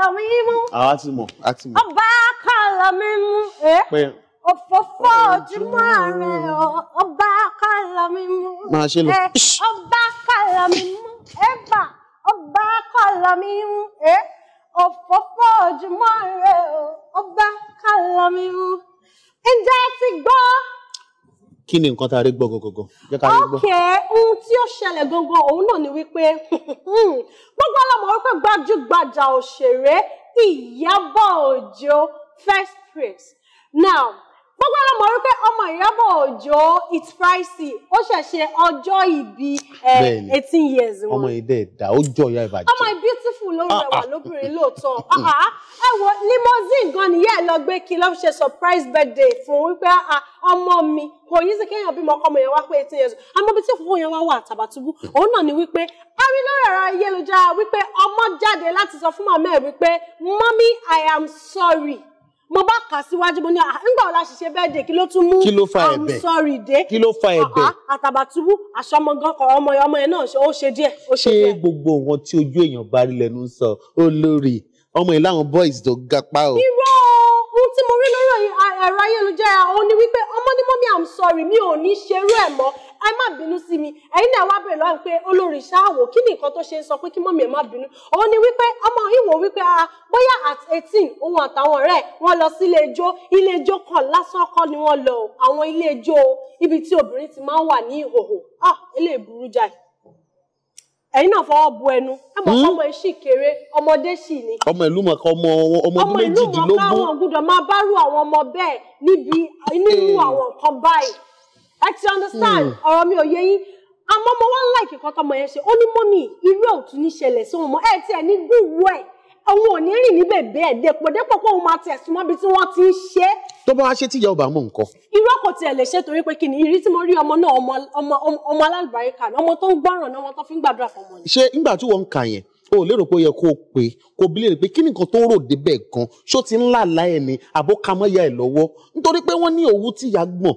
kọlà mi mú. àwa ti mọ̀ a ti mọ̀. ọba kọlà mi mú. pé òfófó ojúmọ́ rẹ̀ ọba kọlà mi mú. máa ṣe lọ. ọba kọlà mi ọba kọlà mi mú. òfófó ojúmọ́ ọba kọlà ǹjẹ́ ti gbọ́ kí ni nǹkan tá a rí gbọ́ gọ́gọ́gọ́ jẹ́ ká rí gbọ́. ọ̀kẹ́ ohun tí ó ṣẹlẹ̀ gangan òun náà ni wípé hmm, gbogbo ọlọ́mọ wípé gbajúgbajà òṣèré Ìyábọ̀ Òjó first praise now gbogbo ọ̀rọ̀ mọ̀ wípé ọmọ Ìyábọ̀ Òjó it's pricey ó ṣẹ̀ṣẹ̀ ọjọ́ ìbí eh, eighteen years wọn. ọmọ yìí dẹ̀ dá ó jọ ìyá ìbàjẹ́. ọmọ yìí beautiful ló rẹwà ah, ah. lóbìnrin lóòótọ́ ah, ẹ wo limousine gan nìyẹn lọ gbé kí ló ṣe surprise birthday fún wípé ọmọ mi kò yí sí kéèyàn bímọ ọkọ ọmọ yẹn wá pé eighteen years àmọ́ bí tí òfófó yẹn wá wà Àtàbàtúbú òun náà ni wípé a rí lórí ẹ̀rọ ayélujára wípé ọmọ jáde láti sọ fún màmá ẹ̀ wípé mommy I am sorry mo bá kà síwájú mo ní nígbà ah, wo la ṣiṣẹ́ bẹ́ẹ̀ dé kí ló tún mú kí ló fa ẹ̀bẹ̀ sọ́ọ̀rì dé kí ló fa ẹ̀bẹ̀ àtàbàtúbú àṣọmọgán kan ọmọ ọmọ yẹn náà ó ṣe díẹ̀ ó ṣe díẹ̀. ṣé gbogbo wọn tí ojú èèyàn bá rí lẹ́nu sọ olórí ọmọ yìí láwọn boys tó gapá o. irọ́ ohun tí mo rí lórí ẹ̀rọ ayélujára òun ni wípé ọmọ ní mọ́mí I'm sorry mi ò ní ṣerú ẹ̀ mọ́ ẹ má bínú sí mi ẹ̀yin náà wá bèrè lọ́wọ́ pé olórí ṣáàwò kí ni nǹkan tó ṣe ń sọ pé kí mọ́mí ẹ̀ má bínú òun ni wípé ọmọ ìwò wípé a ah, bóyá at eighteen òun àtàwọn ọ̀rẹ́ wọn lọ sí ilé ijó ilé ijó kan lásán kọ́ ni wọ́n lọ àwọn ilé ijó ibi tí obìnrin ti máa ń wà ní ìhòhò ah eléyìí burú jáì ẹ̀yin náà fọwọ́ bu ẹnu ẹ mọ̀ hmm? ọmọ ẹ sì kéré ọmọdé sì ni. ọmọ ìlú mọ̀ká ọmọ ọmọ ọdún méjìdínlógún. ọmọ ìlú mọ̀ká àwọn gbọ́dọ̀ máa bárù àwọn ọmọ bẹ́ẹ̀ níbi nínú eh. àwọn nǹkan báyìí ẹ ti understand hmm. ọ̀rọ̀ mi ò yé yín àmọ́ mo wá ń láì kíkọ́ tọmọ yẹn ṣe ó ní mọ́mì irú ẹ̀ ò tún ní ṣẹlẹ̀ sí wọn mọ́ ẹ tiẹ̀ ní gbúrú ẹ̀ òun ò ní rìn níbẹ̀ bẹ́ẹ̀ dépò dépò pé òun máa tẹ̀ súnmọ́ bí tí wọ́n ti ń ṣe. tó bá wá ṣe tíyà ọba mú nǹkan. irọ́ kò tiẹ̀ lè ṣe torí pé kìnìún ìrí tí mo rí ọmọ náà ọmọ alálùbáríkà ọmọ tó ń gbọ́ràn náà wọ́n tó fi ń gbàdúrà fọmọ ni. ṣé nígbà tí wọ́n ń kà yẹn o ò lérò pé ó yẹ kó o pé kó o bí léèrè pé kí nìkan tó rò débẹ̀ gan ṣó ti ń láàlá ẹ̀ ni àbó kamọ́ya ẹ̀ lọ́wọ́ nítorí pé wọ́n ní òwú tíyà gbọ̀n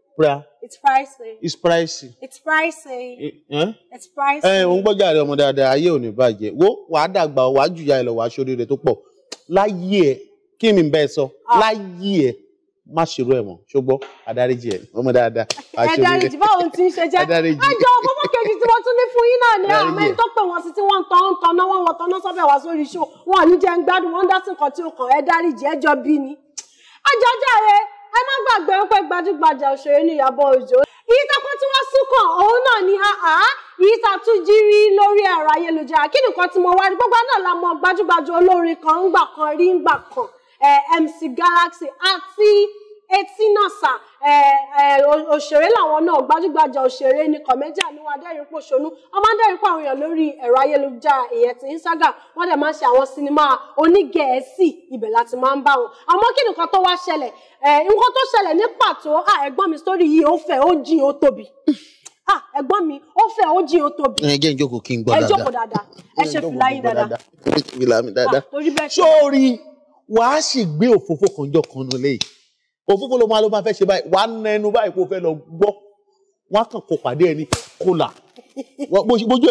ra. it's pricey. it's pricey. it's pricey. Eh? eh? it's pricey. ẹ eh, ò ń gbọ́jà rẹ ọmọ dáadáa ayé ò ní bàjẹ́ wo wàá dàgbà wàá jùyà ẹ lọ wàá ṣorí rẹ tó pọ̀ láyé ẹ kí mi bẹ́ẹ̀ sọ ah. láyé ẹ má ṣerú ẹ mọ́ ṣùgbọ́n adáríjì ẹ ọmọ dáadáa wàá ṣorí báwo ti ń ṣe jẹ́ àjọ ọkọ̀ kejì tí wọ́n tún ní fún yín náà ní ah, àmì tó pè wọ́n sí tí wọ́n ń tan ń taná wọ́n wọ́n taná sọ́bẹ̀ wá sórí iṣu wọn ò ní jẹ́ ń gbádùn wọ́n ń dá sí ẹ má gbàgbé wọn pé gbajúgbajà òṣèré ní Ìyábọ̀ Òjó èyí tá kó tí wọ́n sún kàn òun náà ni àá èyí tá tún jí rí lórí ẹ̀rọ ayélujára kí nìkan tí mo wá rí gbogbo náà la mọ gbajúgbajà olórin kan ńgbà kan rí ńgbà kan MC Galaxy àti etí náà sà òṣèré làwọn náà gbajúgbajà òṣèré ni kọ̀mẹ́jà ni wọn adẹ́rìnpòṣónú wọn máa ń dẹ́rìnpò àwọn èèyàn lórí ẹ̀rọ ayélujára ìyẹn ti Instagram wọn dẹ̀ máa ń ṣe àwọn sinimá onígẹ̀ẹ́sì ibẹ̀ láti máa ń bá wọn àmọ́ kí nìkan tó wá ṣẹlẹ̀ nǹkan tó ṣẹlẹ̀ ní pàtó ẹ̀gbọ́n mi sórí yìí ó fẹ̀ ó jìn ó tóbi ẹ̀gbọ́n mi ó fẹ̀ ó jí o tóbi. ẹ jẹ́ ìjókòó kí n gbọ́ dáadáa. ẹ jókòó dáadáa ẹ ṣe fìlà yín dáadáa òfófó ló máa ló máa fẹ́ ṣe báyìí wàá na ẹnu báyìí kó fẹ́ lọ gbọ́ wọ́n á kàn kó pàdé ẹni kólà bójú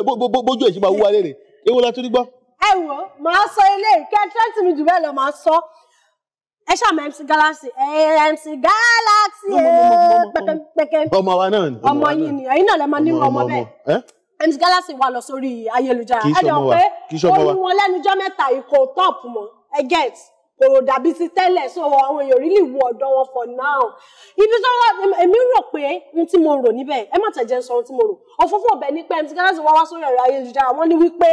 ẹ̀ ṣe máa wúwa léèrè ewu la tún ní gbọ́. ẹ wò màá sọ ilé ìkẹ́ tẹ́tí mi jù bẹ́ẹ̀ lọ màá sọ ẹ ṣáà mọ MC Galaxy ẹ MC Galaxy pẹkẹpẹkẹ ọmọ wa náà ni ọmọ yìí ni ẹ̀yin náà lè máa níwọ ọmọ bẹ́ẹ̀ MC Galaxy wà lọ sórí ayélujára ẹ jọ pé ó ní wọn lẹ́nujọ́ mẹ́ta ìkó tọ́ọ̀pù mọ́ ẹ gẹ́ẹ̀tì kò dàbí ti tẹ́lẹ̀ so àwọn èèyàn really wo ọ̀dọ́ wọn for now ibi tó wá èmi rò pé ohun tí mo rò níbẹ̀ ẹ má tẹ̀jẹ̀ sọ ohun tí mo rò ọ̀fọ́fọ́ ọ̀bẹ ní pẹ́ẹ́m tí káláṣí wá wá sórí ẹ̀rọ ayélujára wọ́n ní wípé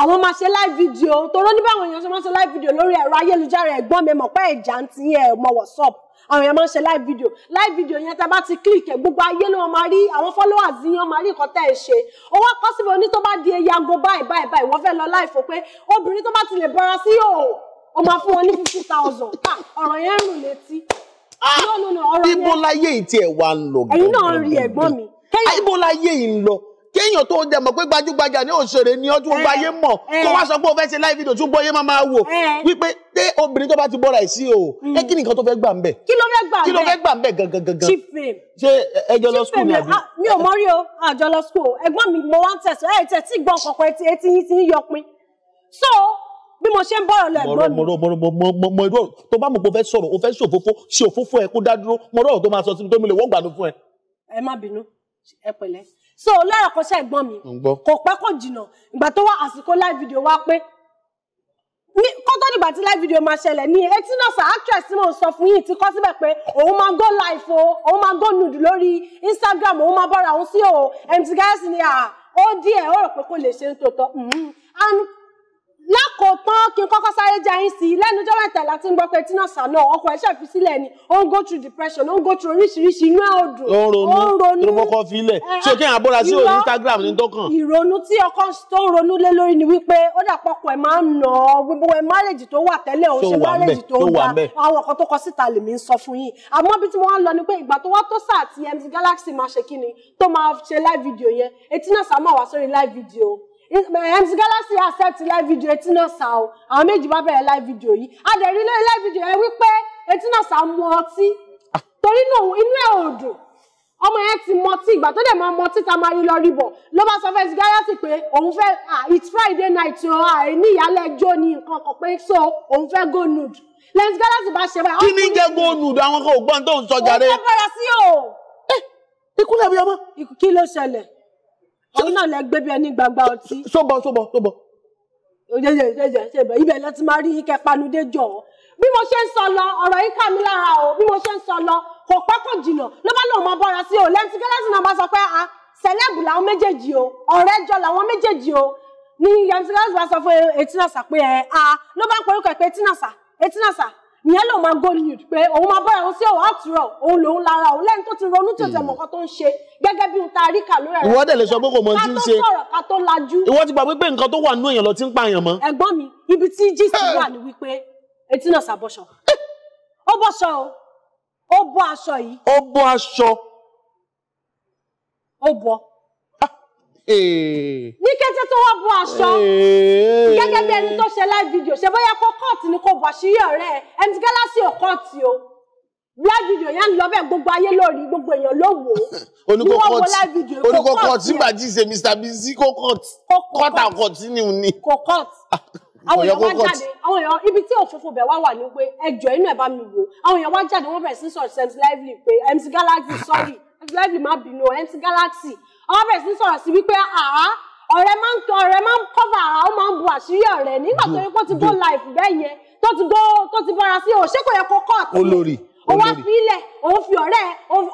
àwọn máa ṣe live video torọ́ níbẹ̀ àwọn èèyàn ṣe máa ṣe live video lórí ẹ̀rọ ayélujára ẹ̀gbọ́n mi mọ̀ pé ẹ̀jà ń ti ẹ̀ mọ̀ WhatsApp àwọn èèyàn máa ń ṣe live video live video yẹn tá a bá ti click ẹ gbogbo ayé ló wọn máa rí àwọn followers yẹn máa rí nǹkan tẹ́ ẹ ṣe owó akọ́síbẹ̀ oní tó bá di Go báyìí báyìí báyìí wọ́n fẹ́ lọ live fún pé obìnrin tó bá ti lè bọ́ra sí òò o máa fún wọn ní fifty thousand ọ̀rọ̀ yẹn ń rùn létí. Ah, ibo láyé ìtì ẹ̀ wá ń lọ. ẹ̀yin náà rí ẹ̀gbọ́n mi. Ah, ibo láyé ì ń lọ kéèyàn tó dẹ̀ mọ̀ pé gbajúgbajà ní òṣèré ni ọdún gbogbo eh, ayé mọ̀ eh. tó wá sọ pé o fẹ́ ṣe live video tún bóyá máa máa wò eh. wípé dé obìnrin tó bá ti bọ́ra ẹ̀ sí o hmm. ẹ kí nìkan tó fẹ́ gbà ń bẹ̀. kí ló fẹ́ gbà ń bẹ̀ kí ló fẹ́ gbà ń bẹ̀ gangan gangan. chief fame ṣé ẹjọ lọ school ni àbí. Ah, mi ò mọ rí o àjọ lọ school ẹ̀gbọ́n mi mo wá ń tẹsán ẹ tẹ tí gbọn kọkọ etí yín ti ń yọpin so bí mo ṣe ń bọ̀rọ̀ lọ ẹ̀gbọ́n mi. mo mo mo mo mo irú tó bá mọ̀ pé o fẹ́ sọ̀rọ̀ o fẹ́ ṣe òfófó ṣe òfófó ẹ kó dá dúró mo rọrùn tó máa sọ síbi tó mi lè wọ́n gbàdúrà fún ẹ. ẹ má bínú ẹ pẹ̀lẹ́ so lára kan ṣe ẹ̀gbọ́n mi kò pẹ́ kò jìnnà ìgbà tó wá àsìkò live video wá pé ní kó tó dìgbà tí live video máa ṣẹlẹ̀ ní etí náà sir actress tí mò ń sọ fún yìí ti kọ́ síbẹ̀ pé òun máa go live o òun máa go nude lórí Instagram òun máa bọ́ra òun sí o MT Gayọ̀ sí ni ó díẹ̀ ó rò pé kò lè ṣe ń tòótọ́ mm-hmm. and lákòótán kí n kọ́kọ́ sáré jẹ́ yín sí i lẹ́nu jọ́ láti ń gbọ́ pé tínà sànà ọkọ̀ ẹ̀ṣẹ̀ fi sílẹ̀ ni ó ń go through depression ó ń go through oríṣiríṣi inú ẹ̀ odò ó ń ronú tó kọ́kọ́ fi ilẹ̀ tí eh, kí n àbúrà sí òní Instagram ní tọ́kàn. ìrònú tí ọkọ tó ń ronú lé lórí ni wípé ó dàpọ̀ pọ̀ ẹ̀ máa ń nà ọ́ gbogbo ẹ̀ márèjì tó wà tẹ́lẹ̀ ó ṣe márèjì tó wà àwọn kan tó kọ síta lèmi ń sọ fún yín àmọ́ mc galaxy accept live video etí náà sá o àwọn méjì bá bẹ̀rẹ̀ live video yìí adẹ̀rí lórí live video yẹn wípé etí náà sá mu ọtí torí náà inú ẹ̀ ò dùn ọmọ yẹn ti mọtí ìgbà tó dẹ̀ máa mọtí tá a máa rí lọ rí bọ̀ ló bá sọ fẹ́ẹ́ galaxy pé òun fẹ́ it's friday night o àìní ìyálẹ̀ ẹjọ́ ni nǹkan kan pé so òun fẹ́ go nude lẹ́yìn tí galaxy bá ṣe báyìí. kí ni jẹ́ go nude àwọn kan ò gbọ́n tó ń sọ jàre. òun fẹ́ bẹ̀rẹ̀ sí òun náà lẹ gbé bí ẹni gbangba ọtí. sóbọ sóbọ sóbọ. jẹjẹ jẹjẹ ṣẹbẹ ibẹ lẹ ti máa rí yín kẹpanudé jọ ọ bí mo ṣe ń sọ lọ ọ̀rọ̀ yìí kà mí lára o bí mo ṣe ń sọ lọ kò pákó jìnnà ló bá lóun mọ bọ́ra sí o lẹ́ntì kẹ́lẹ́sì náà bá sọ pé a ah, sẹ̀lẹ́bù làwọn méjèèjì o ọ̀rẹ́ jọ làwọn méjèèjì o ní yẹntì kẹ́lẹ́sì bá sọ fún etinasa pé ẹ eh, a ah, ló bá ń porúkọ pé etinasa etinasa ìyẹn ló máa go nude pé òun máa bọ́ra òun sí ọ̀wọ́ àtúrọ̀ òun lòun lára òun lẹ́yìn tó ti ronú tí ò tẹ̀ mọ̀ nǹkan tó ń ṣe gẹ́gẹ́ bí ohun tá a rí kà lórí ẹ̀rọ ìwọ́dẹ̀ lè sọ pé kò mọ tí ń ṣe ká tó sọ̀rọ̀ ká tó lajú. ìwọ ti gbàgbé pé nǹkan tó wà nínú èèyàn lọ ti ń pa èèyàn mọ́. ẹ̀gbọ́n mi ibi tí gist wà ní wípé etí náà ṣàbọ̀ṣọ ó bọ́ṣọ ó bọ́ aṣọ yìí. ó bọ́ aṣọ. ó bọ́ ní kété tó wọ́n bu aṣọ gẹ́gẹ́ eh. bí ẹni tó ṣe live video ṣe bóyá kó kọ́ọ̀tì ni kò bọ̀ sí ọ̀rẹ́ ẹni tí gálásì ò kọ́ọ̀tì o live video yẹn lọ bẹ́ẹ̀ gbogbo ayé lórí gbogbo èèyàn ló wò ó ní wọ́n wo live video kò kọ́ọ̀tì oníkó kọ́ọ̀tì nígbà tí ṣe Mr Bigz kó kọ́ọ̀tì kọ́ọ̀tà kọ́ọ̀tì ni òun ni kò kọ́ọ̀tì àwọn èèyàn wá jáde àwọn èèyàn ibi tí òfófó bẹ̀ wá wà ní pé ẹjọ́ inú ẹ̀ bá mi wò àwọn èèyàn wá jáde wọ́n bẹ̀rẹ̀ sí sọ̀rọ̀ Sems Lively pé MC Galaxy sorry lẹ́bì má bínú MC Galaxy àwọn bẹ̀rẹ̀ sí sọ̀rọ̀ sí wípé àá ọ̀rẹ́ máa ń ọ̀rẹ́ máa ń cover àá ó máa ń bu àṣírí ọ̀rẹ́ nígbà tó yẹ kó ti go life. bẹ́ẹ̀ yẹn tó ti go tó ti bọ́ra sí òṣè kò yẹ kó kọ́ ọ̀tí olórí olórí òwá fílẹ̀ òun fi ọ̀rẹ́ oh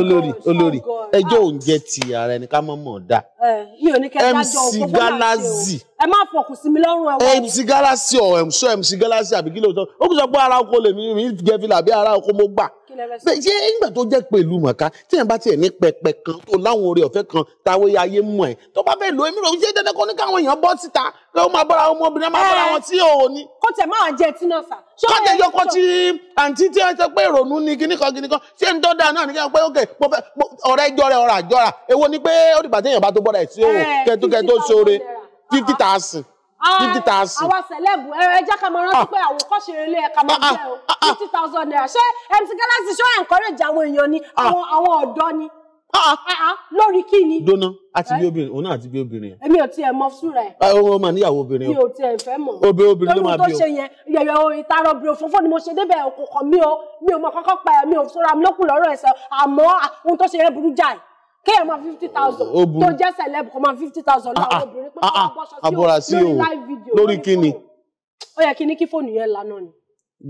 olórí oh olórí ẹjọ́ òun jẹ́ ti ara ẹni ká mọ̀ mọ̀ dá MC Galaxy ẹ má fọkùn sí mi lọ́rùn ẹ̀wọ̀n MC Galaxy ọ̀ ẹ̀mṣọ́ MC Galaxy àbí kí lóòótọ́ ó kì í sọ pé ara oko lèmi mi gẹ́fìlà àbí ara oko mo gbà ṣé ìgbà tó jẹ́ pẹ̀lú mọ̀ká tí yẹn bá tiẹ̀ ní pẹpẹ kan tó láwọn oore ọ̀fẹ́ kan táwọn ayé mú ẹ̀ tó bá fẹ́ lo èmi rò ṣé dandan kan ní káwọn èèyàn bọ́ síta pé ó máa bọ́ra ọmọbìnrin máa bọ́ra wọn tí ò ní. kó tẹ̀ máa jẹ tí náà sà. kó tẹ̀ yọkọ tí àǹtí tí wọ́n sọ pé ìrònú ni kíníkan kíníkan ṣé ń dọ́dà náà ní kí wọ́n pé ókè ọ̀rẹ́ jọrẹ ọ̀rọ̀ àjọra èwo ni pé ó dìbà téèyàn bá tó bọ́ra eh, fifty thousand. Ah, fifty thousand. àwa sẹlẹ̀bù ẹ jẹ́ ká máa rántí ah. pé àwòkọ́ṣe relé ẹ̀ka máa ah, jẹ́ o fifty thousand naira ṣé MC Galaxy ṣó encourage àwọn èèyàn ni àwọn ọ̀dọ́ ni lórí kí ni. dona àti eh? bí obìnrin òun náà àti bí obìnrin yẹn. èmi ò tiẹ̀ mọ fúnra ẹ̀. ọmọ ọmọ níyàwó obìnrin o. mi ò tiẹ̀ fẹ́ mọ̀. obe obìnrin ló máa bí o. lórí tó ṣe yẹn yẹ̀yẹ̀ o ìtara obìnrin ni mo ṣe débẹ̀ òkùnkàn mi o mi ò mọ kọ́kọ́ pa ẹ̀ mi ò sọ́ra mi lókùn lọ́rọ̀ ẹ̀sẹ̀ àmọ́ ohun tó ṣe yẹn burú jáì kéèyàn máa fifty thousand tó jẹ́ celeb kó máa fifty thousand láwọn ah, ah, obìnrin pé wọ́n ah, bọ́ṣọ sí lórí live video lórí kíni. ó yẹ kí ní kí fóònù yẹn lánàá ni.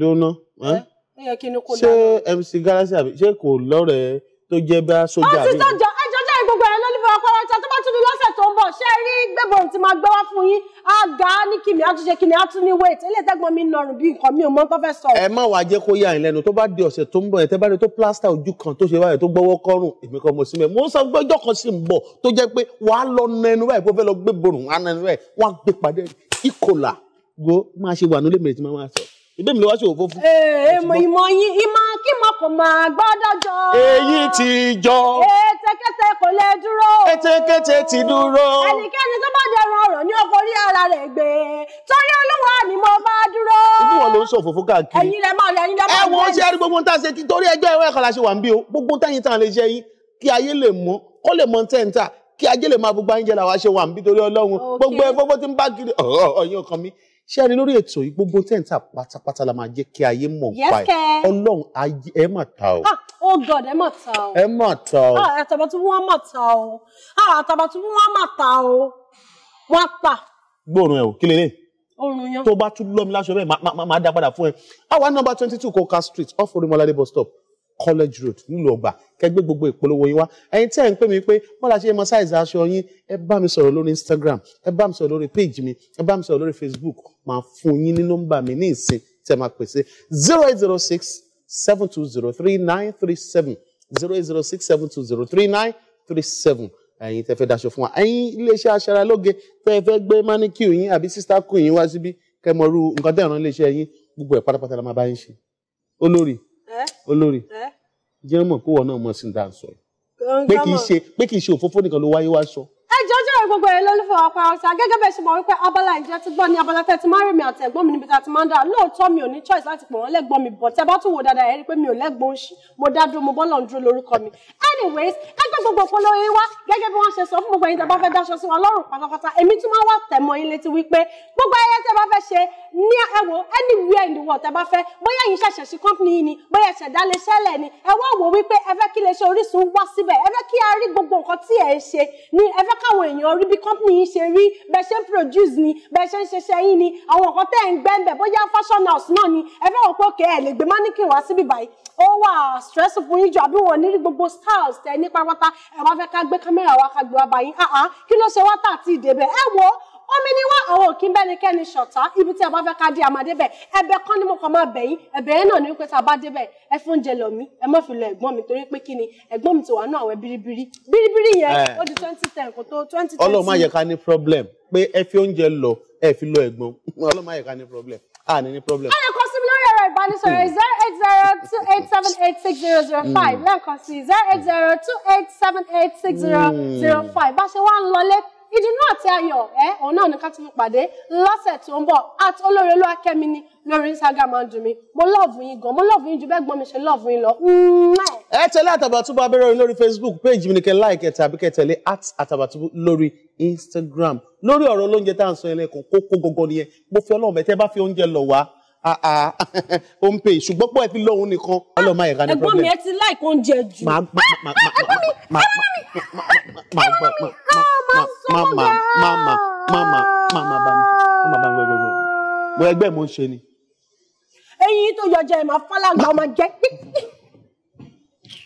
dóná ṣé MC Galaxy àbí ṣé kò lọ́rẹ̀ẹ́ tó jẹ́ bá sójà mi. ó ti tọ́jọ́ gbẹ́bọ̀ ohun tí máa gbé wá fún yín á ní kìmí á kìmí á tún ní wéètì mi nọrùn bí nǹkan mi ò mọ tó fẹ́ sọ. ẹ má wàá jẹ́ kó yà yín tó bá di ọ̀sẹ̀ tó ń bọ̀ yẹn tẹ́ bá rí tó plaster ojú kan tó ṣe báyìí tó gbọ́wọ́ kọ́rùn èmi kan mo sí mẹ́ mo ń sọ gbọ́jọ́ kan sí ń bọ̀ tó jẹ́ pé wàá lọ nẹnu báyìí bó fẹ́ lọ gbé borùn wàá nẹnu báyìí wàá gbé padà ìkòlà gbó máa ṣe wà nílé mèrè tí máa máa sọ ìbí mi ló wá sí òfófó. èèmọ̀ yín ìmọ̀ kí mo kò máa gbọ́dọ̀ jọ. èyí ti jọ. èyí kẹ́tẹ́kẹ́tẹ́ kò lè dúró. kẹ́tẹ́kẹ́tẹ́ ti dúró. ẹnikẹ́ni tó bá dẹrùn ọ̀rọ̀ ni ó forí ara rẹ̀ gbé torí olúwa ni mo bá dúró. ibi wọn ló ń sọ òfófó káàkiri. ẹ̀yin lẹ máa lẹ ẹ̀yin lẹ máa lẹ. ẹ wo ṣe é rí gbogbo tá a ṣe torí ẹjọ́ ẹ̀wọ́ ẹ̀kọ́ la ṣe wà ń bí o gbogbo tẹ́yìn tán lè ṣe yín kí ayé lè mọ́ kó lè mọ tẹ́ǹtà kí ajé lè máa gbogbo ayé làwa ṣe wà ń bí torí ọlọ́run gbogbo ẹ gbogbo ti ń bá kiri ọ̀yìn ọkàn mi ṣé ẹni lórí ètò yìí gbogbo tẹ́ǹtà pátápátá la máa jẹ́ kí ayé mọ̀ pa ẹ̀ ọlọ́run ẹ má ta o. Ah! oh god ẹ mà ta o. ẹ mà ta o. Ah, àtàbàtúbú wọn mà ta o ah, àtàbàtúbú wọn mà ta o wọn pa. gbóòórùn ẹ o kí lélẹ̀. oorun yan. tó bá tún lọ́mi láṣọ bẹ́ẹ̀ máa dá padà fún ẹ. àwa nọ́mbà twenty two coca street off orimolade bus stop college road nílùú ọgbà kẹgbẹ gbogbo ìpolówó yín wá ẹ̀yin tí ẹ ń pè mí pé wọn là ṣe mọ size aṣọ yín ẹ bá mi sọ̀rọ̀ lórí instagram ẹ bá mi sọ̀rọ̀ lórí page mi ẹ bá mi sọ̀rọ̀ lórí facebook máa fún yín ní nọ́mbà mi ní ìsìn tẹ máa pèsè zero eight zero six 7203937 08067203937 ẹ̀yin tẹ́ fẹ́ daṣọ fún wa ẹ̀yin iléeṣẹ́ aṣaralóge tẹ́ fẹ́ gbé máníkìú yín àbí sísá kù yín wá síbí kẹmọrú nǹkan tẹ́ ìran iléeṣẹ́ yín gbogbo ẹ̀ pátápátá la máa bá yín ṣe olórí olórí jẹ́ mọ̀ kó wọ́n náà mọ̀ sí ní dáhùn sọ pé kì í ṣe òfófó nìkan ló wáyé wá sọ ẹjọ́ jẹ́ gbogbo ẹ̀ lólùfẹ́ ọ̀pá ọ̀sà gẹ́gẹ́ bẹ́ẹ̀ ṣe mọ̀ wípé abala ìjẹ́ ti gbọ́ ní abala tẹ́ ti máa ń rí mi àti ẹ̀gbọ́n mi níbi tá a ti máa ń dá lóòótọ́ mi ò ní choice láti pọ̀ wọ́n lẹ́gbọ́n mi bọ̀ tẹ́ bá tún wò dáadáa ẹ̀ rí i pé mi ò lẹ́gbọ́n oṣù mo dá dúró mo bọ́ lọ́n dúró lórúkọ mi. anyways ẹgbẹ́ gbogbo polówó yín wá gẹ́gẹ́ bí wọ́n ṣe sọ fún gbogbo yín tẹ́ bá fẹ́ dáṣọ sí wa lọ́rùn pátápátá èmi tún máa wá tẹ̀mọ́ yín létí wípé gbogbo ayẹyẹ tẹ́ bá fẹ́ ṣe ní ẹwọ anywhere in the world tẹ́ bá fẹ́ bóyá yín ṣẹ̀ṣẹ̀ sí company yín ni bóyá ṣẹ̀dá lè ṣẹlẹ̀ ni ẹ wá wò wípé ẹ fẹ́ kí lè ṣe Orísun káwọn èèyàn rí bí company yìí ṣe rí bẹ́ẹ̀ ṣe ń produce ni bẹ́ẹ̀ ṣe ń ṣeṣẹ́ yín ni àwọn nǹkan tẹ́ ẹ̀ ń gbẹ́ ń bẹ̀ bóyá fashion house náà ni ẹ fẹ́ wọ́n pé òkè ẹ̀ lè gbé mannequin wá síbí báyìí ó wà stress fún yín jù àbí wọn ní gbogbo styles tẹ ní pátápátá ẹ wá fẹ́ ká gbé kámẹ́rà wá ká gbé wá báyìí kí ló ṣe wá tà àti ìdè bẹ́ẹ̀ ẹ wo omi ni wá àwọn òkín bẹ́nikẹ́ni ṣọ̀tá ibi tí a bá fẹ́ ká dé àmàdé bẹ̀ ẹ̀bẹ̀ kan ni mo kàn máa bẹ̀yìn ẹ̀bẹ̀ yẹn náà ni wípé tá a bá dé bẹ̀ ẹ fún oúnjẹ lọ mí ẹ má fi lọ ẹ̀gbọ́n mi torí pé kí ni ẹ̀gbọ́n mi ti wà náà àwẹ̀ biribiri biribiri yẹn ó di twenty ten kò tó twenty twenty. ọlọ́run má yẹ ká ní problem pé ẹ fi oúnjẹ lọ ẹ fi lọ ẹ̀gbọ́n ọlọ́run má yẹ ká ní problem a ní problem. ọ̀rẹ́ kọ sí mi lórí ẹ̀rọ ìbánisọ̀rọ̀ zero eight zero two eight seven eight six zero zero hmm. five lẹ́ẹ̀kan sí zero eight zero two eight seven eight six zero hmm. zero five bá ṣe wá ń lọlé ìdùnnú àti ayọ̀ ẹ òun náà ní ká tún pàdé lọ́sẹ̀ tó ń bọ̀ at olórí olúwakẹ́mi ni lórí instagram àdùn mi mo lọ́ọ̀bù yín gan mo lọ́ọ̀bù yín ju bẹ́ẹ̀ gbọ́n mi ṣe lọ́ọ̀bù yín lọ. ẹ tẹ̀lé àtàbàtúbù abẹ́rẹ́ orin lórí facebook page mi ni kẹ́ like tàbí kẹ́ tẹ̀lé at àtàbàtúbù lórí instagram lórí ọ̀rọ̀ olóúnjẹ tá à ń sọ ẹlẹ́kùn kókó gọ́gọ́ nìyẹn mo fi ọlọ́run bẹ̀ tẹ́ bá fi oúnjẹ lọ wá ó ń pè é ṣùgbọ́n pọ̀ ẹ fi lóhun nìkan ọlọ́mọ ẹ̀ka ní problem. ẹ̀gbọ́n mi ẹ ti láì kó oúnjẹ jù. máa gbà máa gbà máa gbà máa máa máa máa máa máa máa bá mi máa bá mi gbẹgbẹgbẹ mo ẹgbẹ́ mo ń ṣe ni. eyín tó yọjọ ẹ̀ máa fọ́nlá gbà ọmọ jẹ́.